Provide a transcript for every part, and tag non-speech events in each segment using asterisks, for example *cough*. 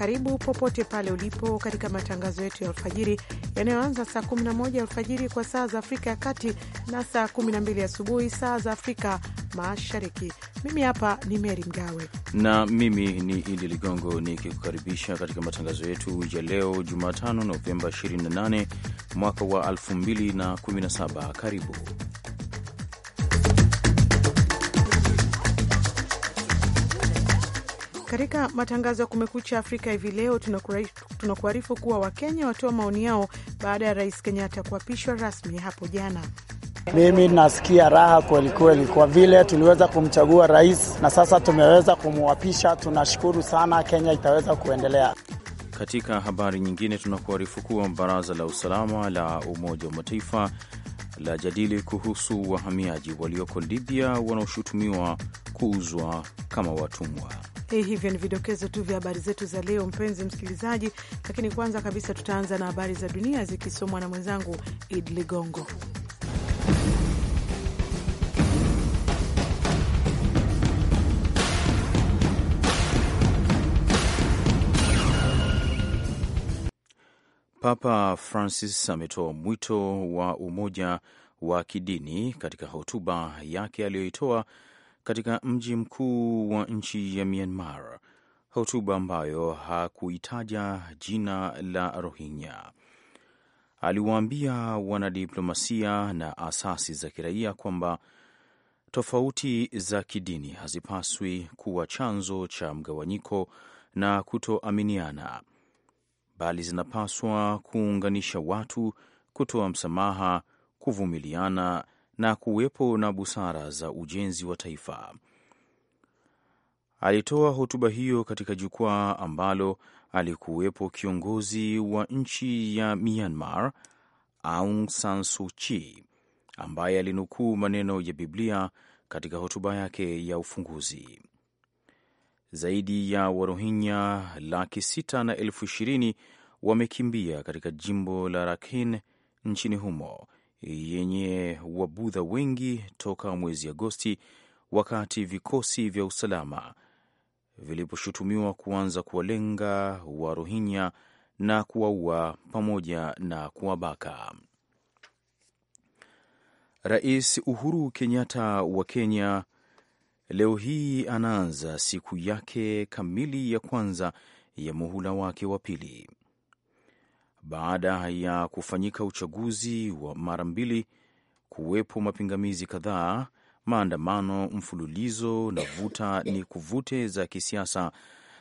Karibu popote pale ulipo katika matangazo yetu ya alfajiri yanayoanza saa 11 alfajiri kwa saa za Afrika ya Kati na saa 12 asubuhi saa za Afrika Mashariki. Mimi hapa ni Meri Mgawe na mimi ni Idi Ligongo nikikukaribisha katika matangazo yetu ya leo Jumatano, Novemba 28 mwaka wa 2017. Karibu Katika matangazo ya Kumekucha Afrika hivi leo, tunakuarifu kuwa Wakenya watoa maoni yao baada ya Rais Kenyatta kuapishwa rasmi hapo jana. Mimi nasikia raha kwelikweli kwa vile tuliweza kumchagua rais na sasa tumeweza kumwapisha. Tunashukuru sana, Kenya itaweza kuendelea. Katika habari nyingine, tunakuarifu kuwa baraza la usalama la Umoja wa Mataifa la jadili kuhusu wahamiaji walioko Libya wanaoshutumiwa kuuzwa kama watumwa. Hii hivyo ni vidokezo tu vya habari zetu za leo, mpenzi msikilizaji, lakini kwanza kabisa tutaanza na habari za dunia zikisomwa na mwenzangu Id Ligongo. Papa Francis ametoa mwito wa umoja wa kidini katika hotuba yake aliyoitoa katika mji mkuu wa nchi ya Myanmar, hotuba ambayo hakuitaja jina la Rohingya. Aliwaambia wanadiplomasia na asasi za kiraia kwamba tofauti za kidini hazipaswi kuwa chanzo cha mgawanyiko na kutoaminiana bali zinapaswa kuunganisha watu, kutoa msamaha, kuvumiliana na kuwepo na busara za ujenzi wa taifa. Alitoa hotuba hiyo katika jukwaa ambalo alikuwepo kiongozi wa nchi ya Myanmar Aung San Suu Kyi ambaye alinukuu maneno ya Biblia katika hotuba yake ya ufunguzi. Zaidi ya Warohinya laki sita na elfu ishirini wamekimbia katika jimbo la Rakhine nchini humo yenye Wabudha wengi toka mwezi Agosti, wakati vikosi vya usalama viliposhutumiwa kuanza kuwalenga Warohinya na kuwaua pamoja na kuwabaka. Rais Uhuru Kenyatta wa Kenya leo hii anaanza siku yake kamili ya kwanza ya muhula wake wa pili baada ya kufanyika uchaguzi wa mara mbili, kuwepo mapingamizi kadhaa, maandamano mfululizo na vuta ni kuvute za kisiasa,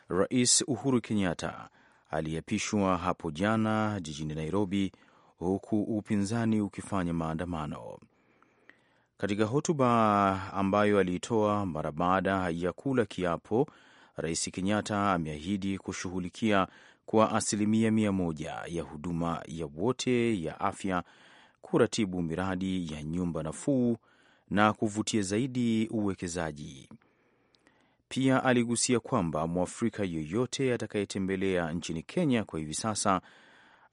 Rais Uhuru Kenyatta aliyeapishwa hapo jana jijini Nairobi, huku upinzani ukifanya maandamano. Katika hotuba ambayo aliitoa mara baada ya kula kiapo, Rais Kenyatta ameahidi kushughulikia kwa asilimia mia moja ya huduma ya wote ya afya, kuratibu miradi ya nyumba nafuu na kuvutia zaidi uwekezaji. Pia aligusia kwamba Mwafrika yoyote atakayetembelea nchini Kenya kwa hivi sasa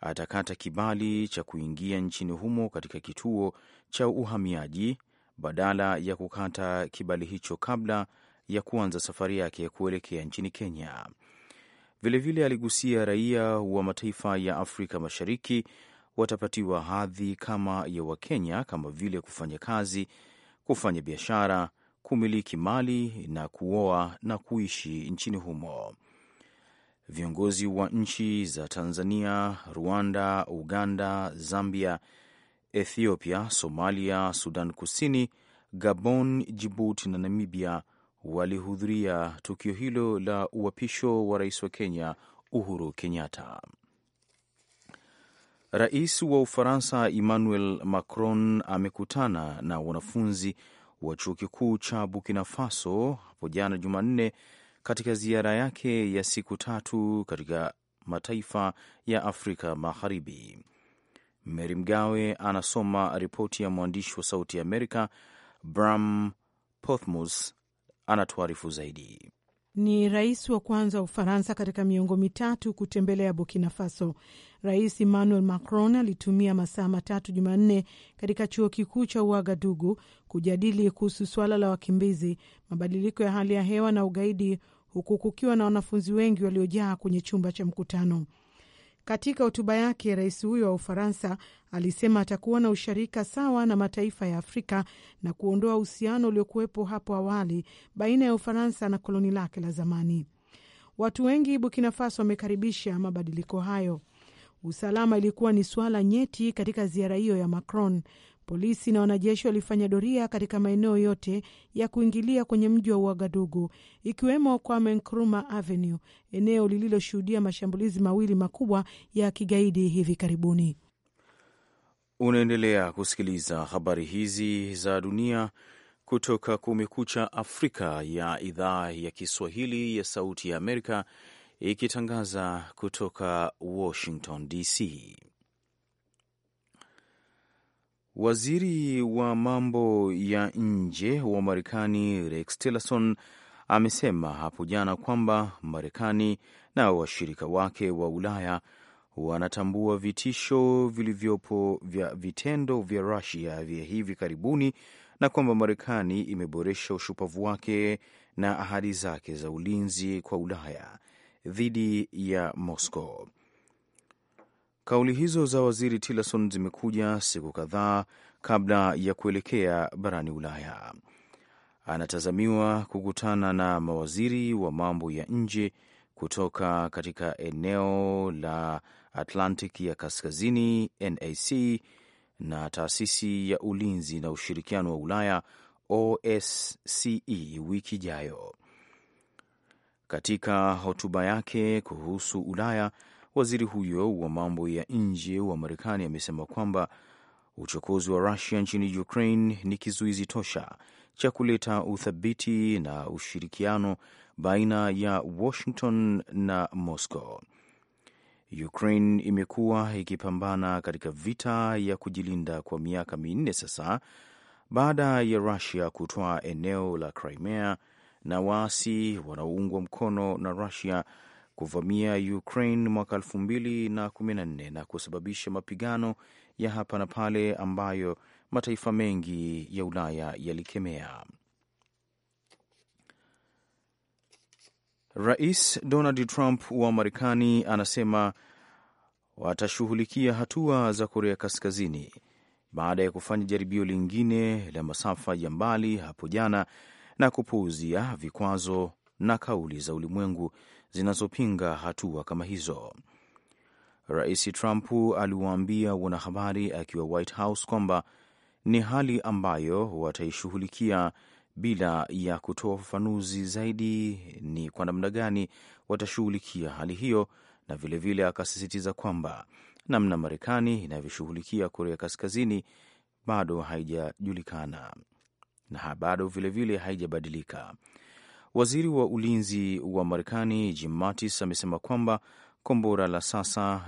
atakata kibali cha kuingia nchini humo katika kituo cha uhamiaji badala ya kukata kibali hicho kabla ya kuanza safari yake kuelekea nchini Kenya. Vilevile vile aligusia raia wa mataifa ya Afrika Mashariki watapatiwa hadhi kama ya Wakenya kama vile kufanya kazi, kufanya biashara, kumiliki mali na kuoa na kuishi nchini humo. Viongozi wa nchi za Tanzania, Rwanda, Uganda, Zambia Ethiopia, Somalia, Sudan Kusini, Gabon, Jibuti na Namibia walihudhuria tukio hilo la uapisho wa rais wa Kenya Uhuru Kenyatta. Rais wa Ufaransa Emmanuel Macron amekutana na wanafunzi wa chuo kikuu cha Burkina Faso hapo jana Jumanne, katika ziara yake ya siku tatu katika mataifa ya Afrika Magharibi. Meri Mgawe anasoma ripoti ya mwandishi wa Sauti ya Amerika Bram Pothmus anatuarifu zaidi. Ni rais wa kwanza wa Ufaransa katika miongo mitatu kutembelea Burkina Faso. Rais Emmanuel Macron alitumia masaa matatu Jumanne katika chuo kikuu cha Uagadugu kujadili kuhusu suala la wakimbizi, mabadiliko ya hali ya hewa na ugaidi, huku kukiwa na wanafunzi wengi waliojaa kwenye chumba cha mkutano. Katika hotuba yake, rais huyo wa Ufaransa alisema atakuwa na usharika sawa na mataifa ya Afrika na kuondoa uhusiano uliokuwepo hapo awali baina ya Ufaransa na koloni lake la zamani. Watu wengi Burkina Faso wamekaribisha mabadiliko hayo. Usalama ilikuwa ni suala nyeti katika ziara hiyo ya Macron. Polisi na wanajeshi walifanya doria katika maeneo yote ya kuingilia kwenye mji wa Uagadugu, ikiwemo Kwame Nkrumah Avenue, eneo lililoshuhudia mashambulizi mawili makubwa ya kigaidi hivi karibuni. Unaendelea kusikiliza habari hizi za dunia kutoka Kumekucha Afrika ya idhaa ya Kiswahili ya Sauti ya Amerika, ikitangaza kutoka Washington DC. Waziri wa mambo ya nje wa Marekani Rex Tillerson amesema hapo jana kwamba Marekani na washirika wake wa Ulaya wanatambua vitisho vilivyopo vya vitendo vya Rusia vya hivi karibuni na kwamba Marekani imeboresha ushupavu wake na ahadi zake za ulinzi kwa Ulaya dhidi ya Moscow. Kauli hizo za waziri Tillerson zimekuja siku kadhaa kabla ya kuelekea barani Ulaya. Anatazamiwa kukutana na mawaziri wa mambo ya nje kutoka katika eneo la Atlantic ya Kaskazini, NAC, na taasisi ya ulinzi na ushirikiano wa Ulaya, OSCE, wiki ijayo. Katika hotuba yake kuhusu Ulaya, Waziri huyo wa mambo ya nje wa Marekani amesema kwamba uchokozi wa Rusia nchini Ukraine ni kizuizi tosha cha kuleta uthabiti na ushirikiano baina ya Washington na Moscow. Ukraine imekuwa ikipambana katika vita ya kujilinda kwa miaka minne sasa baada ya Rusia kutoa eneo la Crimea na waasi wanaoungwa mkono na Rusia kuvamia Ukraine mwaka nne na kusababisha mapigano ya hapa na pale ambayo mataifa mengi ya Ulaya yalikemea. Rais Donald Trump wa Marekani anasema watashughulikia hatua za Korea Kaskazini baada ya kufanya jaribio lingine la masafa ya mbali hapo jana na kupuuzia vikwazo na kauli za ulimwengu zinazopinga hatua kama hizo. Rais Trump aliwaambia wanahabari akiwa White House kwamba ni hali ambayo wataishughulikia bila ya kutoa ufafanuzi zaidi ni kwa namna gani watashughulikia hali hiyo, na vilevile vile akasisitiza kwamba namna Marekani inavyoshughulikia Korea Kaskazini bado haijajulikana na bado vilevile haijabadilika. Waziri wa ulinzi wa Marekani Jim Mattis amesema kwamba kombora la sasa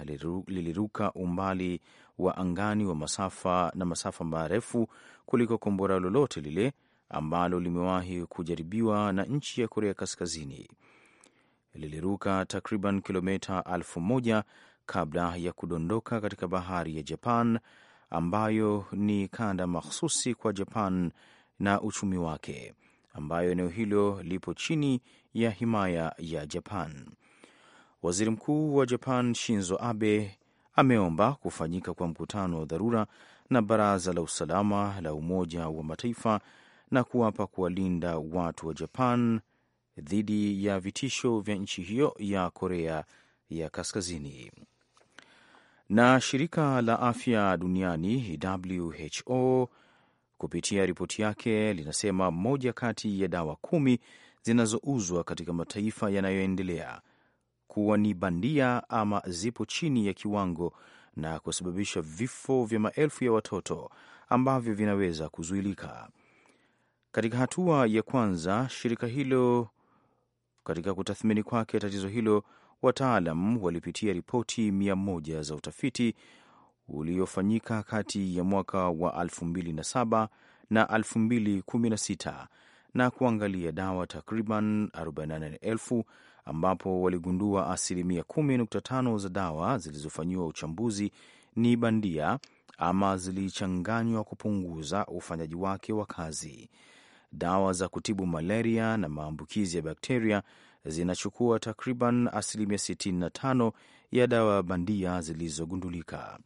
liliruka umbali wa angani wa masafa na masafa marefu kuliko kombora lolote lile ambalo limewahi kujaribiwa na nchi ya Korea Kaskazini. Liliruka takriban kilomita elfu moja kabla ya kudondoka katika bahari ya Japan, ambayo ni kanda mahsusi kwa Japan na uchumi wake ambayo eneo hilo lipo chini ya himaya ya Japan. Waziri Mkuu wa Japan Shinzo Abe ameomba kufanyika kwa mkutano wa dharura na Baraza la Usalama la Umoja wa Mataifa na kuwapa kuwalinda watu wa Japan dhidi ya vitisho vya nchi hiyo ya Korea ya Kaskazini. Na shirika la afya duniani WHO kupitia ripoti yake linasema moja kati ya dawa kumi zinazouzwa katika mataifa yanayoendelea kuwa ni bandia ama zipo chini ya kiwango na kusababisha vifo vya maelfu ya watoto ambavyo vinaweza kuzuilika. Katika hatua ya kwanza, shirika hilo katika kutathmini kwake tatizo hilo, wataalam walipitia ripoti mia moja za utafiti uliofanyika kati ya mwaka wa 2007 na 2016 na kuangalia dawa takriban 48,000 ambapo waligundua asilimia 10.5 za dawa zilizofanyiwa uchambuzi ni bandia ama zilichanganywa kupunguza ufanyaji wake wa kazi. Dawa za kutibu malaria na maambukizi ya bakteria zinachukua takriban asilimia 65 ya dawa bandia zilizogundulika.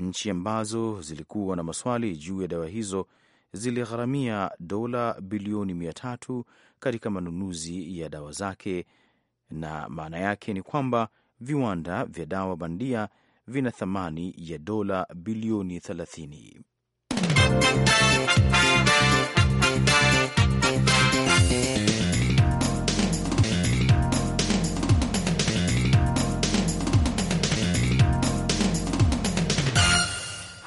Nchi ambazo zilikuwa na maswali juu ya dawa hizo ziligharamia dola bilioni mia tatu katika manunuzi ya dawa zake, na maana yake ni kwamba viwanda vya dawa bandia vina thamani ya dola bilioni 30.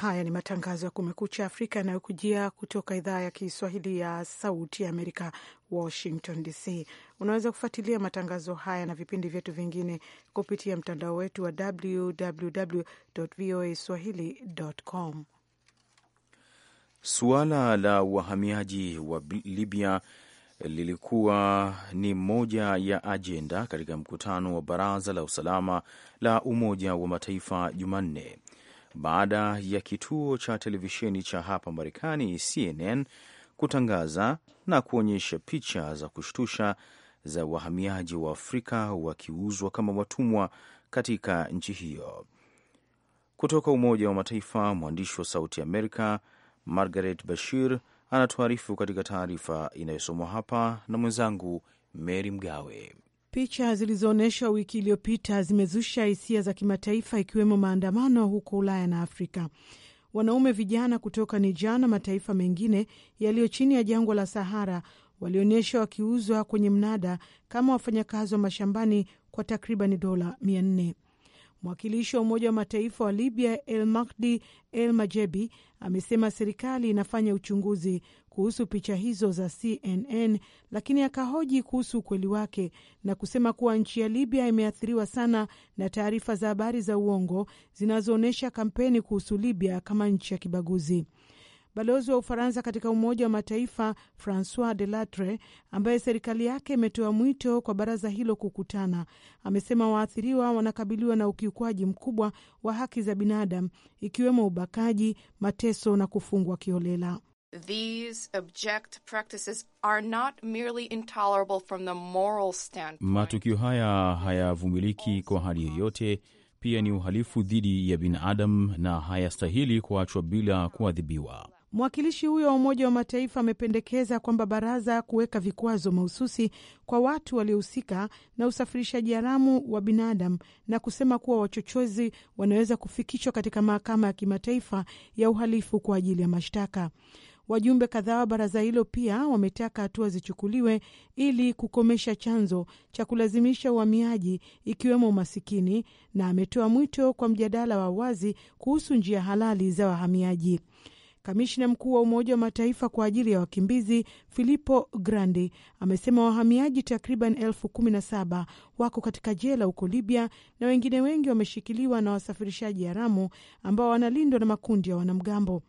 Haya ni matangazo ya Kumekucha Afrika yanayokujia kutoka idhaa ya Kiswahili ya Sauti ya Amerika, Washington DC. Unaweza kufuatilia matangazo haya na vipindi vyetu vingine kupitia mtandao wetu wa www voa swahili.com. Suala la wahamiaji wa Libya lilikuwa ni moja ya ajenda katika mkutano wa Baraza la Usalama la Umoja wa Mataifa Jumanne baada ya kituo cha televisheni cha hapa Marekani CNN kutangaza na kuonyesha picha za kushtusha za wahamiaji wa Afrika wakiuzwa kama watumwa katika nchi hiyo. Kutoka Umoja wa Mataifa, mwandishi wa Sauti Amerika Margaret Bashir anatuarifu katika taarifa inayosomwa hapa na mwenzangu Mary Mgawe. Picha zilizoonyeshwa wiki iliyopita zimezusha hisia za kimataifa, ikiwemo maandamano huko Ulaya na Afrika. Wanaume vijana kutoka Nija na mataifa mengine yaliyo chini ya jangwa la Sahara walionyeshwa wakiuzwa kwenye mnada kama wafanyakazi wa mashambani kwa takribani dola mia nne. Mwakilishi wa Umoja wa Mataifa wa Libya El Mahdi El Majebi amesema serikali inafanya uchunguzi kuhusu picha hizo za CNN, lakini akahoji kuhusu ukweli wake na kusema kuwa nchi ya Libya imeathiriwa sana na taarifa za habari za uongo zinazoonyesha kampeni kuhusu Libya kama nchi ya kibaguzi. Balozi wa Ufaransa katika Umoja wa Mataifa Francois de Latre, ambaye serikali yake imetoa mwito kwa baraza hilo kukutana, amesema waathiriwa wanakabiliwa na ukiukwaji mkubwa wa haki za binadamu, ikiwemo ubakaji, mateso na kufungwa kiholela. Matukio haya hayavumiliki kwa hali yoyote, pia ni uhalifu dhidi ya binadamu na hayastahili kuachwa bila kuadhibiwa. Mwakilishi huyo wa Umoja wa Mataifa amependekeza kwamba baraza kuweka vikwazo mahususi kwa watu waliohusika na usafirishaji haramu wa binadamu na kusema kuwa wachochezi wanaweza kufikishwa katika mahakama ya kimataifa ya uhalifu kwa ajili ya mashtaka. Wajumbe kadhaa wa baraza hilo pia wametaka hatua zichukuliwe ili kukomesha chanzo cha kulazimisha uhamiaji ikiwemo umasikini, na ametoa mwito kwa mjadala wa wazi kuhusu njia halali za wahamiaji. Kamishna mkuu wa Umoja wa Mataifa kwa ajili ya wakimbizi Filippo Grandi amesema wahamiaji takriban elfu kumi na saba wako katika jela huko Libya na wengine wengi wameshikiliwa na wasafirishaji haramu ambao wanalindwa na makundi ya wanamgambo.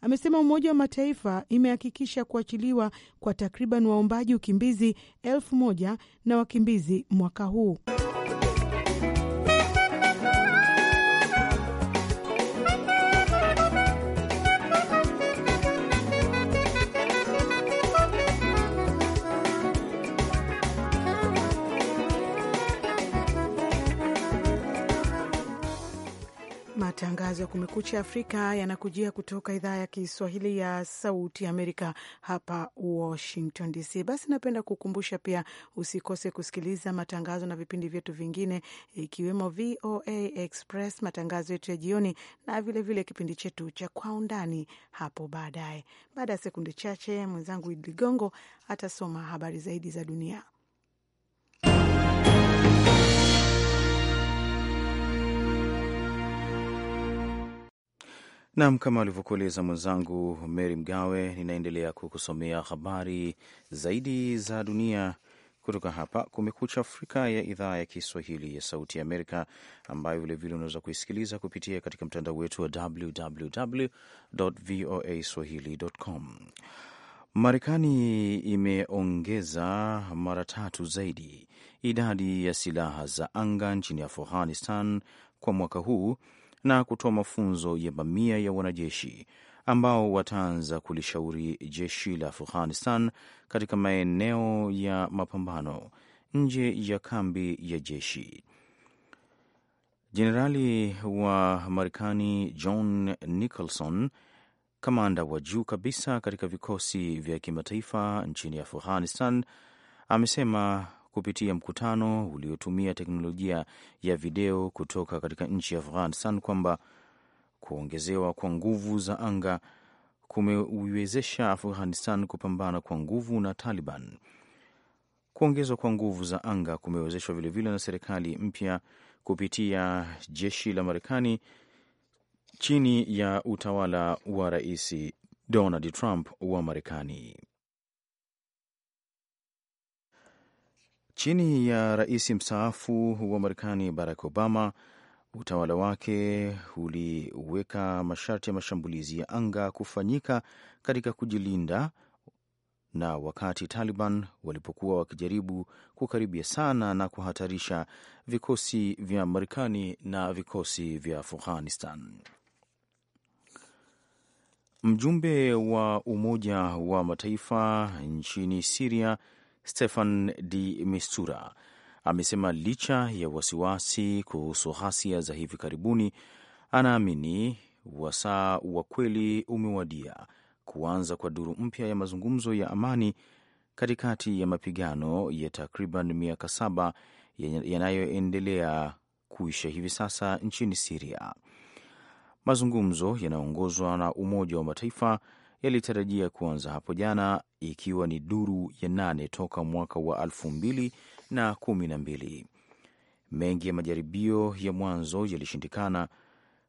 Amesema Umoja wa Mataifa imehakikisha kuachiliwa kwa takriban waombaji ukimbizi elfu moja na wakimbizi mwaka huu. Matangazo ya Kumekucha Afrika yanakujia kutoka idhaa ya Kiswahili ya Sauti Amerika hapa Washington DC. Basi napenda kukumbusha pia, usikose kusikiliza matangazo na vipindi vyetu vingine, ikiwemo VOA Express, matangazo yetu ya jioni, na vilevile vile kipindi chetu cha Kwa Undani hapo baadaye. Baada ya sekunde chache, mwenzangu Idi Ligongo atasoma habari zaidi za dunia. Nam, kama alivyokueleza mwenzangu Mary Mgawe, ninaendelea kukusomea habari zaidi za dunia kutoka hapa Kumekucha Afrika ya idhaa ya Kiswahili ya Sauti ya Amerika, ambayo vilevile unaweza kuisikiliza kupitia katika mtandao wetu wa www voa swahili.com. Marekani imeongeza mara tatu zaidi idadi ya silaha za anga nchini Afghanistan kwa mwaka huu na kutoa mafunzo ya mamia ya wanajeshi ambao wataanza kulishauri jeshi la Afghanistan katika maeneo ya mapambano nje ya kambi ya jeshi. Jenerali wa Marekani John Nicholson, kamanda wa juu kabisa katika vikosi vya kimataifa nchini Afghanistan, amesema kupitia mkutano uliotumia teknolojia ya video kutoka katika nchi ya Afghanistan kwamba kuongezewa kwa nguvu za anga kumeiwezesha Afghanistan kupambana kwa nguvu na Taliban. Kuongezwa kwa nguvu za anga kumewezeshwa vilevile na serikali mpya kupitia jeshi la Marekani chini ya utawala wa Rais Donald Trump wa Marekani. Chini ya rais mstaafu wa Marekani Barack Obama, utawala wake uliweka masharti ya mashambulizi ya anga kufanyika katika kujilinda, na wakati Taliban walipokuwa wakijaribu kukaribia sana na kuhatarisha vikosi vya Marekani na vikosi vya Afghanistan. Mjumbe wa Umoja wa Mataifa nchini Siria Stefan de Mistura amesema licha ya wasiwasi kuhusu ghasia za hivi karibuni, anaamini wasaa wa kweli umewadia kuanza kwa duru mpya ya mazungumzo ya amani katikati ya mapigano ya takriban miaka saba yanayoendelea kuisha hivi sasa nchini Siria. Mazungumzo yanaongozwa na Umoja wa Mataifa yalitarajia kuanza hapo jana, ikiwa ni duru ya nane toka mwaka wa elfu mbili na kumi na mbili. Mengi ya majaribio ya mwanzo yalishindikana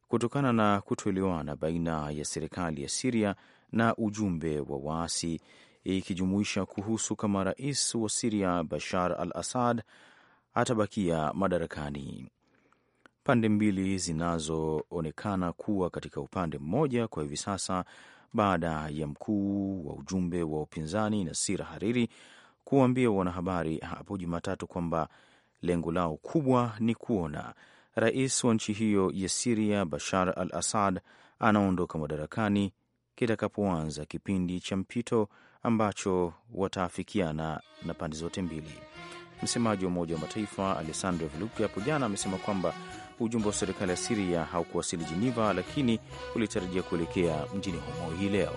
kutokana na kutoelewana baina ya serikali ya Siria na ujumbe wa waasi, ikijumuisha kuhusu kama rais wa Siria Bashar al Assad atabakia madarakani. Pande mbili zinazoonekana kuwa katika upande mmoja kwa hivi sasa baada ya mkuu wa ujumbe wa upinzani Nasir Hariri kuwaambia wanahabari hapo Jumatatu kwamba lengo lao kubwa ni kuona rais wa nchi hiyo ya Siria Bashar al Assad anaondoka madarakani kitakapoanza kipindi cha mpito ambacho wataafikiana na pande zote mbili. Msemaji wa Umoja wa Mataifa Alessandro Viluppi hapo jana amesema kwamba ujumbe wa serikali ya Siria haukuwasili Jeniva, lakini ulitarajia kuelekea mjini humo hii leo.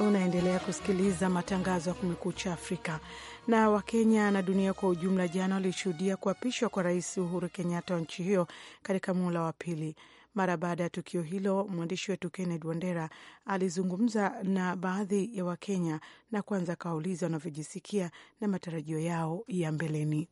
Unaendelea kusikiliza matangazo ya Kumekucha Afrika. Na Wakenya na dunia kwa ujumla, jana walishuhudia kuapishwa kwa Rais Uhuru Kenyatta wa nchi hiyo katika muhula wa pili. Mara baada ya tukio hilo, mwandishi wetu Kenneth Wandera alizungumza na baadhi ya Wakenya na kwanza akawauliza wanavyojisikia na matarajio yao ya mbeleni.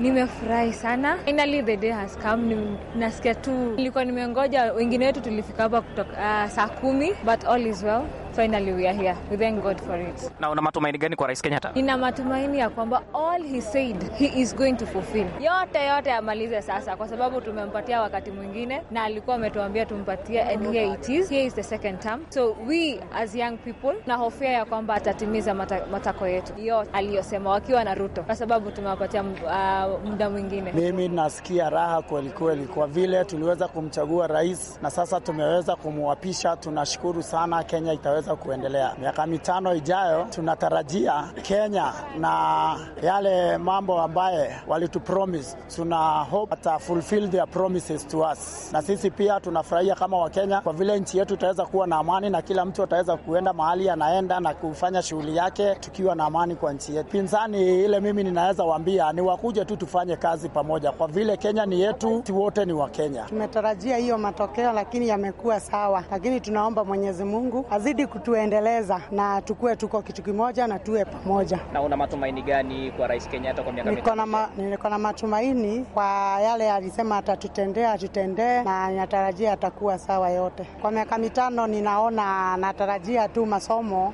Nimefurahi sana, finally the day has come. Nasikia tu, nilikuwa nimengoja, wengine wetu tulifika hapa kutoka uh, saa kumi, but all is well finally we are here. We thank God for it. Na una matumaini gani kwa Rais Kenyatta? Nina matumaini ya kwamba all he said he is going to fulfill. Yote yote amalize sasa kwa sababu tumempatia wakati mwingine na alikuwa ametuambia tumpatie and here it is. Here is the second term. So we as young people na hofia ya kwamba atatimiza mata, matako yetu yote aliyosema wakiwa na Ruto kwa sababu tumewapatia uh, muda mwingine. Mimi nasikia raha kweli kweli kwa vile tuliweza kumchagua rais na sasa tumeweza kumwapisha. Tunashukuru sana Kenya itaweza kuweza kuendelea. Miaka mitano ijayo tunatarajia Kenya na yale mambo ambaye walitupromise, tuna hope ata fulfill their promises to us, na sisi pia tunafurahia kama Wakenya kwa vile nchi yetu itaweza kuwa na amani na kila mtu ataweza kuenda mahali anaenda na kufanya shughuli yake tukiwa na amani kwa nchi yetu. Pinzani ile mimi ninaweza waambia ni wakuje tu tufanye kazi pamoja, kwa vile Kenya ni yetu, wote ni Wakenya. Tumetarajia hiyo matokeo, lakini yamekuwa sawa, lakini tunaomba Mwenyezi Mungu azidi kutuendeleza na tukue tuko kitu kimoja na tuwe pamoja. Na una matumaini gani kwa Rais Kenyatta kwa miaka mitano? Niko na matumaini kwa yale alisema atatutendea, atutendee na natarajia atakuwa sawa yote. Kwa miaka mitano ninaona, natarajia tu masomo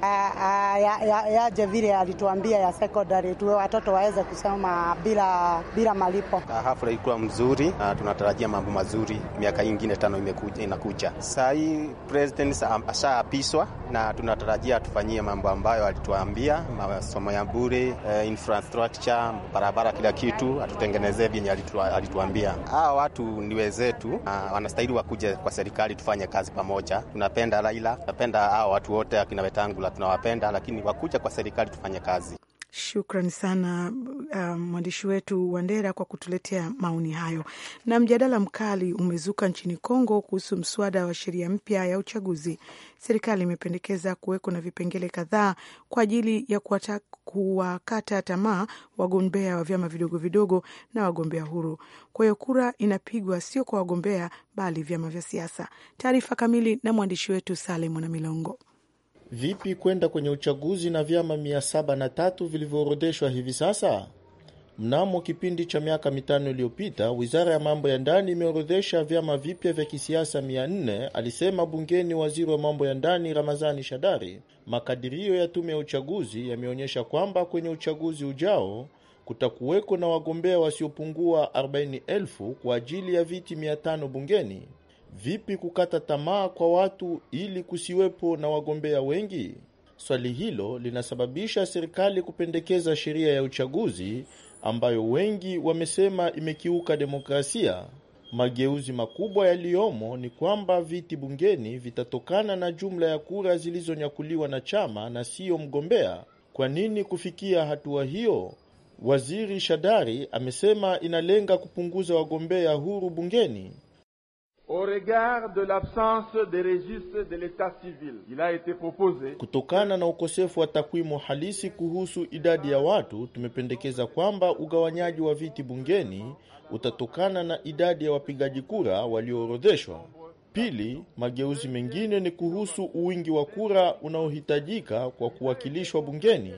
yaje vile alituambia ya secondary, tuwe watoto waweze kusoma bila bila malipo. Ah, hafla ilikuwa mzuri na tunatarajia mambo mazuri. Miaka ingine tano imekuja, inakuja. Saa hii president ashaapishwa na tunatarajia tufanyie mambo ambayo alituambia, masomo ya bure, eh, infrastructure, barabara, kila kitu atutengenezee vyenye alituambia. Hawa watu ni wenzetu, wanastahili wakuje kwa serikali, tufanye kazi pamoja. Tunapenda Raila, tunapenda hawa watu wote, akina Wetangula tunawapenda, lakini wakuja kwa serikali tufanye kazi. Shukran sana uh, mwandishi wetu Wandera kwa kutuletea maoni hayo. Na mjadala mkali umezuka nchini Kongo kuhusu mswada wa sheria mpya ya uchaguzi. Serikali imependekeza kuweko na vipengele kadhaa kwa ajili ya kuwakata tamaa wagombea wa vyama vidogo vidogo na wagombea huru. Kwa hiyo kura inapigwa sio kwa wagombea, bali vyama vya siasa. Taarifa kamili na mwandishi wetu Sale Mwanamilongo. Vipi kwenda kwenye uchaguzi na vyama 703 vilivyoorodheshwa hivi sasa? Mnamo kipindi cha miaka mitano iliyopita, wizara ya mambo ya ndani imeorodhesha vyama vipya vya kisiasa 4 alisema bungeni waziri wa mambo ya ndani Ramazani Shadari. Makadirio ya tume ya uchaguzi yameonyesha kwamba kwenye uchaguzi ujao kutakuweko na wagombea wasiopungua 40,000 kwa ajili ya viti 500 bungeni. Vipi kukata tamaa kwa watu ili kusiwepo na wagombea wengi? Swali hilo linasababisha serikali kupendekeza sheria ya uchaguzi ambayo wengi wamesema imekiuka demokrasia. Mageuzi makubwa yaliyomo ni kwamba viti bungeni vitatokana na jumla ya kura zilizonyakuliwa na chama na siyo mgombea. Kwa nini kufikia hatua hiyo? Waziri Shadari amesema inalenga kupunguza wagombea huru bungeni. Au regard de l'absence des registres de l'état civil, il a été proposé. Kutokana na ukosefu wa takwimu halisi kuhusu idadi ya watu, tumependekeza kwamba ugawanyaji wa viti bungeni utatokana na idadi ya wapigaji kura walioorodheshwa. Pili, mageuzi mengine ni kuhusu uwingi wa kura unaohitajika kwa kuwakilishwa bungeni.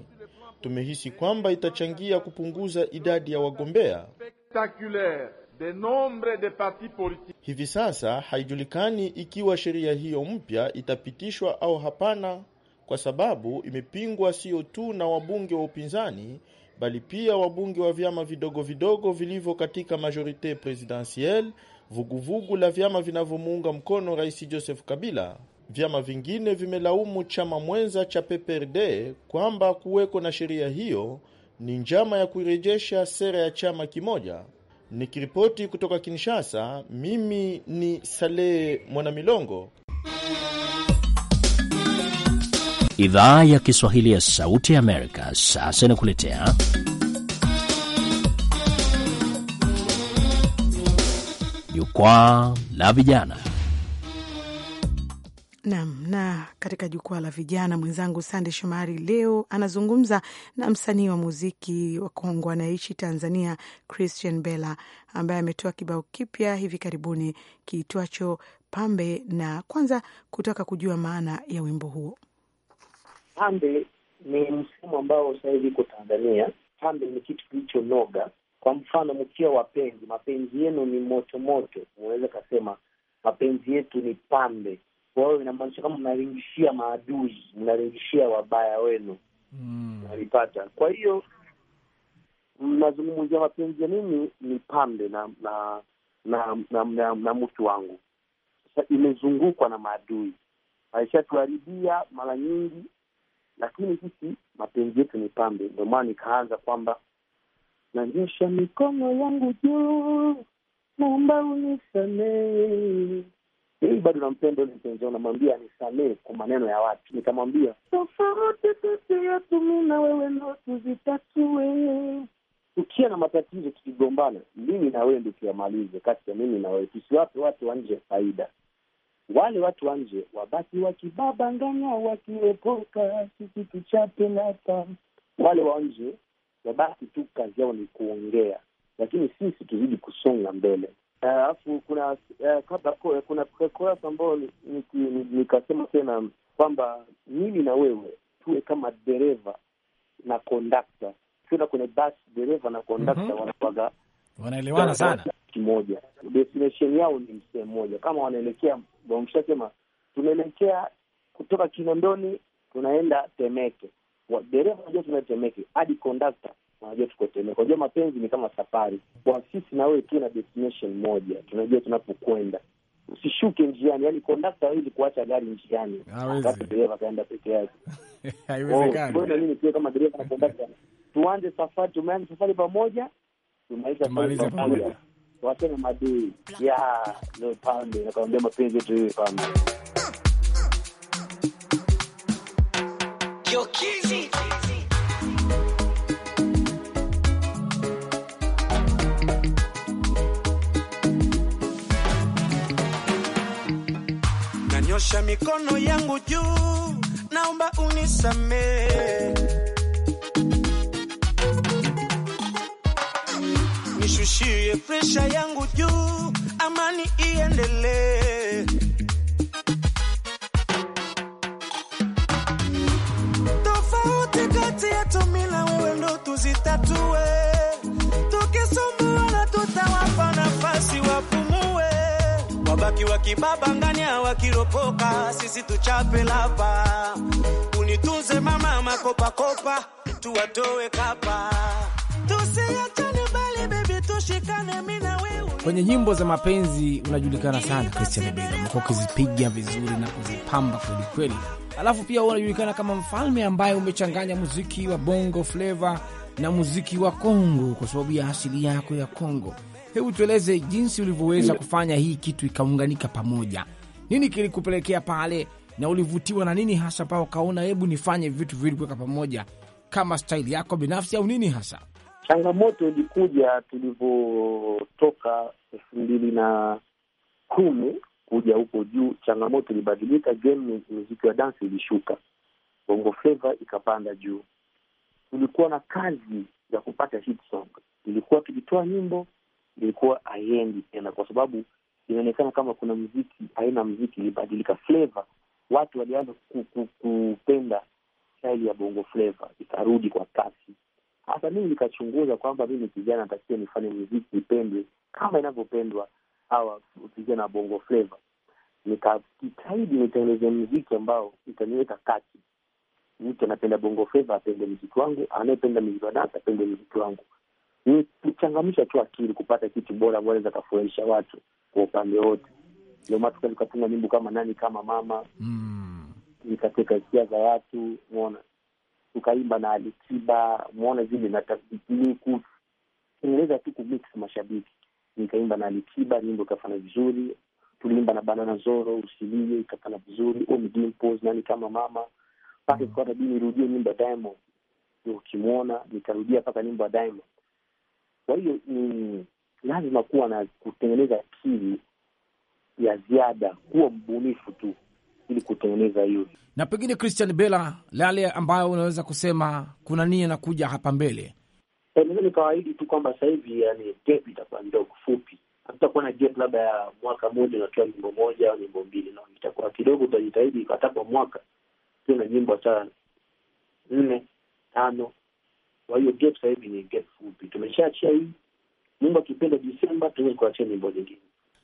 Tumehisi kwamba itachangia kupunguza idadi ya wagombea. Spectaculaire de nombre de partis politiques Hivi sasa haijulikani ikiwa sheria hiyo mpya itapitishwa au hapana, kwa sababu imepingwa sio tu na wabunge wa upinzani bali pia wabunge wa vyama vidogo vidogo vilivyo katika majorite presidentielle, vuguvugu la vyama vinavyomuunga mkono Rais Joseph Kabila. Vyama vingine vimelaumu chama mwenza cha PPRD kwamba kuweko na sheria hiyo ni njama ya kuirejesha sera ya chama kimoja. Nikiripoti kutoka Kinshasa, mimi ni Salehe Mwanamilongo. Idhaa ya Kiswahili ya Sauti ya Amerika sasa inakuletea Jukwaa la Vijana. Nam na katika jukwaa la vijana, mwenzangu Sande Shomari leo anazungumza na msanii wa muziki wa Kongo anayeishi Tanzania, Christian Bella, ambaye ametoa kibao kipya hivi karibuni kiitwacho Pambe, na kwanza kutaka kujua maana ya wimbo huo. Pambe ni msimu ambao sahivi iko Tanzania. Pambe ni kitu kilichonoga. Kwa mfano, mkiwa wapenzi, mapenzi yenu ni motomoto, unaweza kasema mapenzi yetu ni pambe kwa hiyo inamaanisha kama mnaringishia maadui, mnaringishia wabaya wenu, mm. mnalipata mm. Kwa hiyo mnazungumzia mapenzi ya mimi ni pambe na na na, na, na, na mtu wangu sasa, imezungukwa na maadui, alishatuharibia mara nyingi, lakini sisi mapenzi yetu ni pambe. Ndio maana nikaanza kwamba nanyosha mikono yangu juu, naomba unisamehe mimi bado nampenda ule mpenzi wangu, namwambia nisamee kwa maneno ya watu, nikamwambia tofauti kati yetu mi na wewe ndo tuzitatue. Tukiwa na matatizo, tukigombana, mimi na wewe ndo tuyamalize, kati ya mimi na wewe. Tusiwape watu wa nje faida. Wale watu wa nje wabaki nganya wakiepoka, sisi tuchape napa Wale wa nje wabaki tu, kazi yao ni kuongea, lakini sisi tuzidi kusonga mbele. Eh, alafu kuna eh, kabla kuna kurasa ambayo nikasema tena kwamba mimi na wewe tuwe kama dereva na kondakta, tuenda kwenye basi, dereva na kondakta mhm. wanakwaga wanaelewana sana kimoja, destination yao ni msehemu moja, kama wanaelekea wameshasema tunaelekea kutoka Kinondoni tunaenda Temeke, dereva najua tunaenda Temeke hadi kondakta unajua tuko tembea. Unajua mapenzi ni kama safari, kwa sisi na wewe tuwe na destination moja, tunajua tunapokwenda usishuke njiani, yani kondakta hawezi kuacha gari njiani wakati dereva kaenda peke yake. *laughs* Haiwezekani. Mimi pia kama dereva na kondakta tuanze safari, tumeanza safari pamoja, tumaliza safari pamoja, waseme madui ya leo pande, nakwambia mapenzi yetu hiyo pande nyosha mikono yangu juu, naomba unisamee, nishushie presha yangu juu, amani iendelee. Tofauti kati yetu mimi na wewe ndo tuzitatue Wabaki wakibabanganya wakiropoka, sisi tuchape lapa. Unitunze mama, makopa kopa, tuwatoe kapa, tusiachane bali baby, tushikane mimi na wewe. Kwenye nyimbo za mapenzi unajulikana sana Christian Bale, umekuwa ukizipiga vizuri na kuzipamba kweli, alafu pia unajulikana kama mfalme ambaye umechanganya muziki wa bongo flavor na muziki wa Kongo kwa sababu ya asili yako ya Kongo hebu tueleze jinsi ulivyoweza kufanya hii kitu ikaunganika pamoja. Nini kilikupelekea pale na ulivutiwa na nini hasa pao ukaona hebu nifanye vitu viwili kuweka pamoja kama staili yako binafsi au nini hasa? Changamoto ilikuja tulivyotoka elfu mbili na kumi kuja huko juu, changamoto ilibadilika, game muziki wa dansi ilishuka, bongo fleva ikapanda juu. Tulikuwa na kazi ya kupata hit song, tulikuwa tukitoa nyimbo ilikuwa haiendi tena, kwa sababu inaonekana kama kuna mziki, aina mziki ilibadilika, fleva. Watu walianza kupenda staili ya bongo fleva, ikarudi kwa kasi. Hasa mimi nikachunguza kwamba mimi kijana natakiwa nifanye mziki ipendwe kama inavyopendwa hawa vijana bongo fleva. Nikajitahidi nitengeneze mziki ambao itaniweka kati, mtu anapenda bongo fleva apende mziki wangu, anayependa mziki wa dansi apende mziki wangu ni kuchangamsha tu akili kupata kitu bora ambayo naweza kafurahisha watu kwa upande wote. Ndio maana tuka tukatunga nyimbo kama nani kama mama mm. nikateka hisia za watu mwona, tukaimba na Alikiba mwona zile na tu kumix mashabiki. Nikaimba na Alikiba, nyimbo ikafana vizuri. Tuliimba na Banana Zoro, usilie ikafana vizuri. Dimples, nani kama mama mpaka mm. ikatabii nirudie nyimbo ya Diamond, ndio ukimwona nikarudia mpaka nyimbo ya Diamond kwa hiyo ni lazima kuwa na kutengeneza akili ya ziada, kuwa mbunifu tu ili kutengeneza hiyo. Na pengine Christian Bella, yale ambayo unaweza kusema kuna nini anakuja hapa mbele, eh, naweza nikawaahidi tu kwamba sasa hivi yani gap itakuwa ndogo fupi, hatutakuwa na gap labda ya mwaka mmoja unatoa nyimbo moja au nyimbo mbili, no, itakuwa kidogo. Utajitahidi hata kwa mwaka tuwe na nyimbo hata nne tano kwa hiyo gap sasa hivi ni gap fupi, tumeshaachia hii. Mungu akipenda, Desemba tuweze kuachia nyimbo nyingine.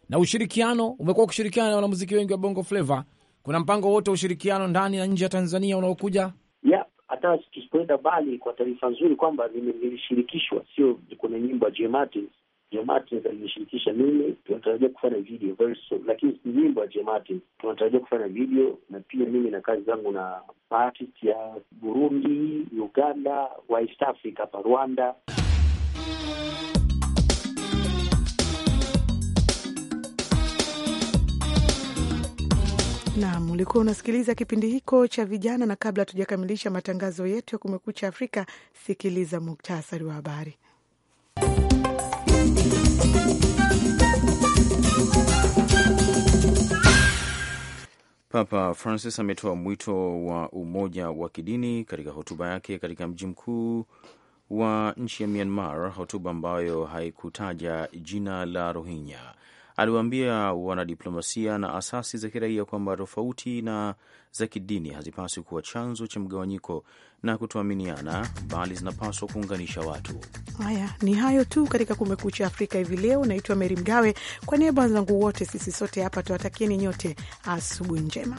Na ushirikiano umekuwa ukishirikiana na wanamuziki wengi wa bongo Flava, Kuna mpango wote wa ushirikiano ndani na nje ya Tanzania unaokuja? Yeah, hata tusipoenda bali, kwa taarifa nzuri kwamba nilishirikishwa, sio kwenye nyimbo ya J Martins Jemaati alinishirikisha mimi, tunatarajia kufanya video verso, lakini si nyimbo ya Jemaati, tunatarajia kufanya video na pia mimi na kazi zangu na artist ya Burundi, Uganda, West Africa hapa Rwanda. Nam, ulikuwa unasikiliza kipindi hiko cha vijana, na kabla hatujakamilisha matangazo yetu ya Kumekucha Afrika, sikiliza muktasari wa habari. Papa Francis ametoa mwito wa umoja wa kidini katika hotuba yake katika mji mkuu wa nchi ya Myanmar, hotuba ambayo haikutaja jina la Rohingya. Aliwaambia wanadiplomasia na asasi za kiraia kwamba tofauti na za kidini hazipaswi kuwa chanzo cha mgawanyiko na kutoaminiana, bali zinapaswa kuunganisha watu. Haya ni hayo tu katika Kumekucha Afrika hivi leo. Naitwa Meri Mgawe, kwa niaba wenzangu wote, sisi sote hapa tuwatakieni nyote asubuhi njema.